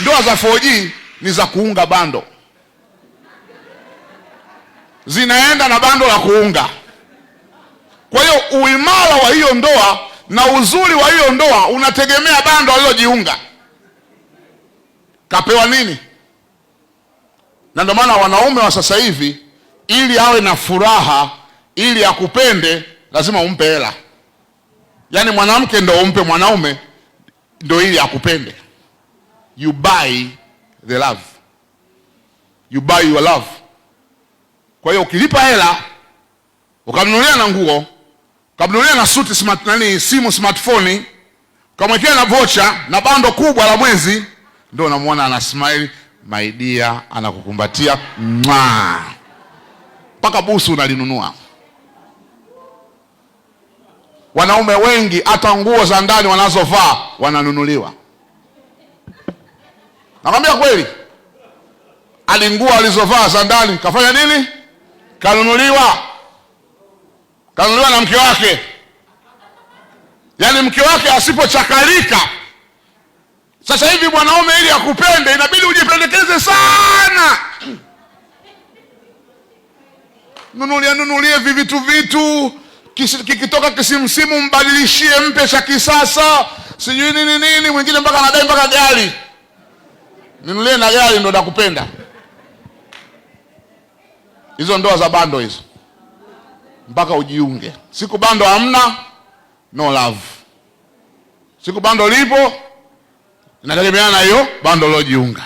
Ndoa za 4G ni za kuunga bando, zinaenda na bando la kuunga. Kwa hiyo uimara wa hiyo ndoa na uzuri wa hiyo ndoa unategemea bando alilojiunga kapewa nini. Na ndio maana wanaume wa sasa hivi, ili awe na furaha, ili akupende, lazima umpe hela. Yaani mwanamke ndo umpe mwanaume ndo ili akupende you buy the love, you buy your love. Kwa hiyo ukilipa hela ukamnunulia na nguo ukamnunulia na suti smart, nani simu smartphone ukamwekea na vocha na bando kubwa la mwezi, ndio unamwona ana smile my dear, anakukumbatia mwa mpaka busu unalinunua. Wanaume wengi hata nguo za ndani wanazovaa wananunuliwa. Nakwambia kweli, alinguo alizovaa za ndani kafanya nini? Kanunuliwa, kanunuliwa na mke wake. Yaani mke wake asipochakalika sasa hivi mwanaume ili akupende inabidi ujipendekeze sana, nunulia nunulie vivitu vitu, kikitoka kisimsimu mbadilishie, mpe cha kisasa, sijui nini nini, mwingine mpaka anadai mpaka gari ninulie na gari ndo nakupenda. Hizo ndoa za bando hizo, mpaka ujiunge. Siku bando hamna, no love. Siku bando lipo, inategemeana na hiyo bando lojiunga.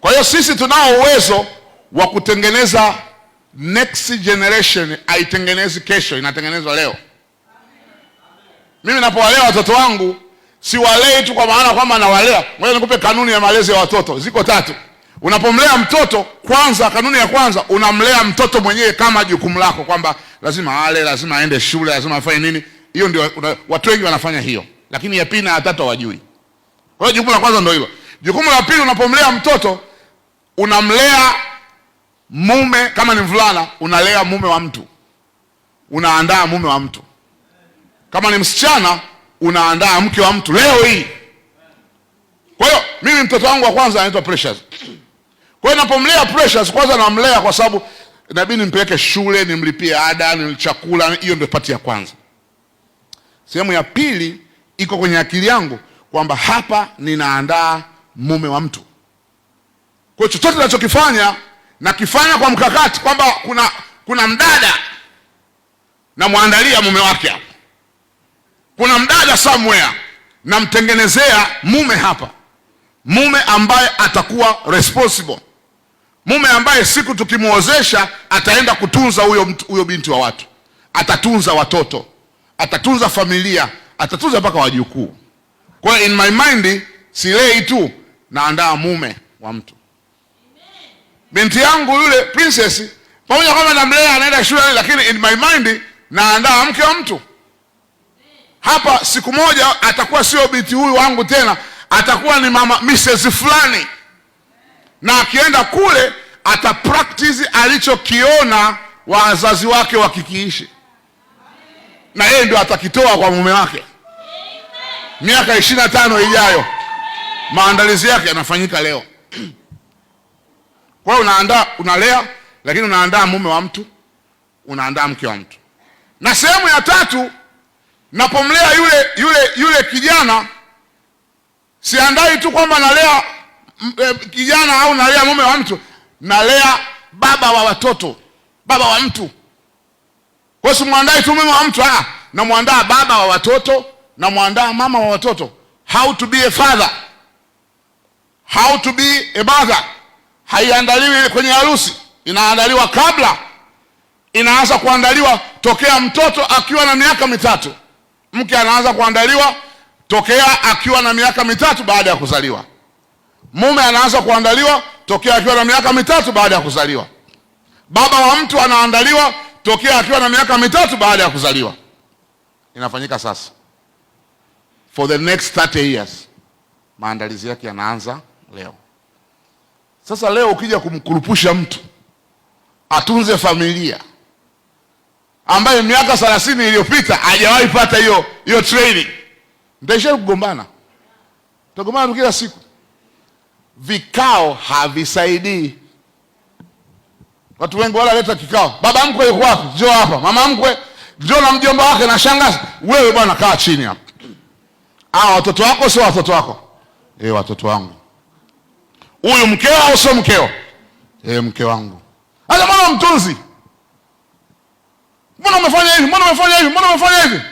Kwa hiyo sisi tunao uwezo wa kutengeneza next generation, haitengenezi kesho, inatengenezwa leo. Mimi napowalea watoto wangu siwalei tu kwa maana kwamba nawalea. Ngoja nikupe kanuni ya malezi ya watoto, ziko tatu. Unapomlea mtoto kwanza, kanuni ya kwanza, unamlea mtoto mwenyewe kama jukumu lako, kwamba lazima ale, lazima aende shule, lazima afanye nini. Hiyo ndio watu wengi wanafanya hiyo, lakini ya pili na ya tatu hawajui. Kwa hiyo jukumu la kwanza ndio hilo. Jukumu la pili, unapomlea mtoto unamlea mume, kama ni mvulana unalea mume wa mtu, unaandaa mume wa mtu. Kama ni msichana unaandaa mke wa mtu leo hii. Kwa hiyo mimi mtoto wangu wa kwanza anaitwa Precious. Kwa hiyo napomlea Precious, kwanza namlea kwa sababu inabidi nimpeleke shule, nimlipie ada, nilichakula, Hiyo ndio pati ya kwanza. Sehemu ya pili iko kwenye akili yangu kwamba hapa ninaandaa mume wa mtu. Kwa hiyo chochote nachokifanya nakifanya kwa mkakati kwamba kuna, kuna mdada namwandalia mume wake hapa kuna mdada somewhere namtengenezea mume hapa, mume ambaye atakuwa responsible, mume ambaye siku tukimwozesha ataenda kutunza huyo huyo binti wa watu, atatunza watoto, atatunza familia, atatunza mpaka wajukuu. Kwa hiyo in my mind silei tu, naandaa mume wa mtu. Binti yangu yule princess, pamoja kwamba namlea, anaenda shule, lakini in my mind naandaa mke wa mtu hapa siku moja atakuwa sio binti huyu wangu tena, atakuwa ni mama Mrs. fulani, na akienda kule ata practice alichokiona wazazi wake wakikiishi, na yeye ndio atakitoa kwa mume wake. Miaka ishirini na tano ijayo maandalizi yake yanafanyika leo. Kwa hiyo unaandaa, unalea, lakini unaandaa mume wa mtu, unaandaa mke wa mtu. Na sehemu ya tatu Napomlea yule yule yule kijana, siandai tu kwamba nalea e, kijana au nalea mume wa mtu, nalea baba wa watoto, baba wa mtu. Kwa hiyo simwandai tu mume wa mtu, ah, namwandaa baba wa watoto, namwandaa mama wa watoto. How to be a father, how to be a mother haiandaliwi kwenye harusi, inaandaliwa kabla, inaanza kuandaliwa tokea mtoto akiwa na miaka mitatu. Mke anaanza kuandaliwa tokea akiwa na miaka mitatu baada ya kuzaliwa. Mume anaanza kuandaliwa tokea akiwa na miaka mitatu baada ya kuzaliwa. Baba wa mtu anaandaliwa tokea akiwa na miaka mitatu baada ya kuzaliwa. Inafanyika sasa for the next 30 years, maandalizi yake yanaanza leo. Sasa leo ukija kumkurupusha mtu atunze familia ambaye miaka 30 iliyopita hajawahi pata hiyo hiyo training, ntaishia kugombana, Tutagombana kila siku. Vikao havisaidii. Watu wengi wanaleta kikao, baba mkwe yuko wapi? Njoo hapa. Mama mkwe njoo na mjomba wake na shangazi. Wewe bwana, kaa chini hapa. Ah, watoto wako sio watoto wako? Eh, watoto wangu. Huyu mkeo au sio mkeo? Eh, mke wangu. Hata mwana mtunzi mbona umefanya hivi, mbona umefanya hivi, mbona umefanya hivi?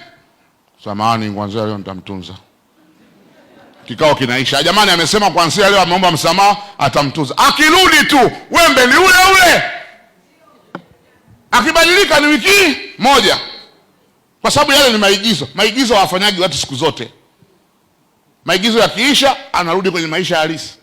Samahani, kwanzia leo nitamtunza. Kikao kinaisha, jamani, amesema kwanzia leo ameomba msamaha, atamtunza. Akirudi tu wembe ni ule ule, akibadilika ni wiki moja, kwa sababu yale ni maigizo. Maigizo hawafanyaji watu siku zote. Maigizo yakiisha, anarudi kwenye maisha halisi.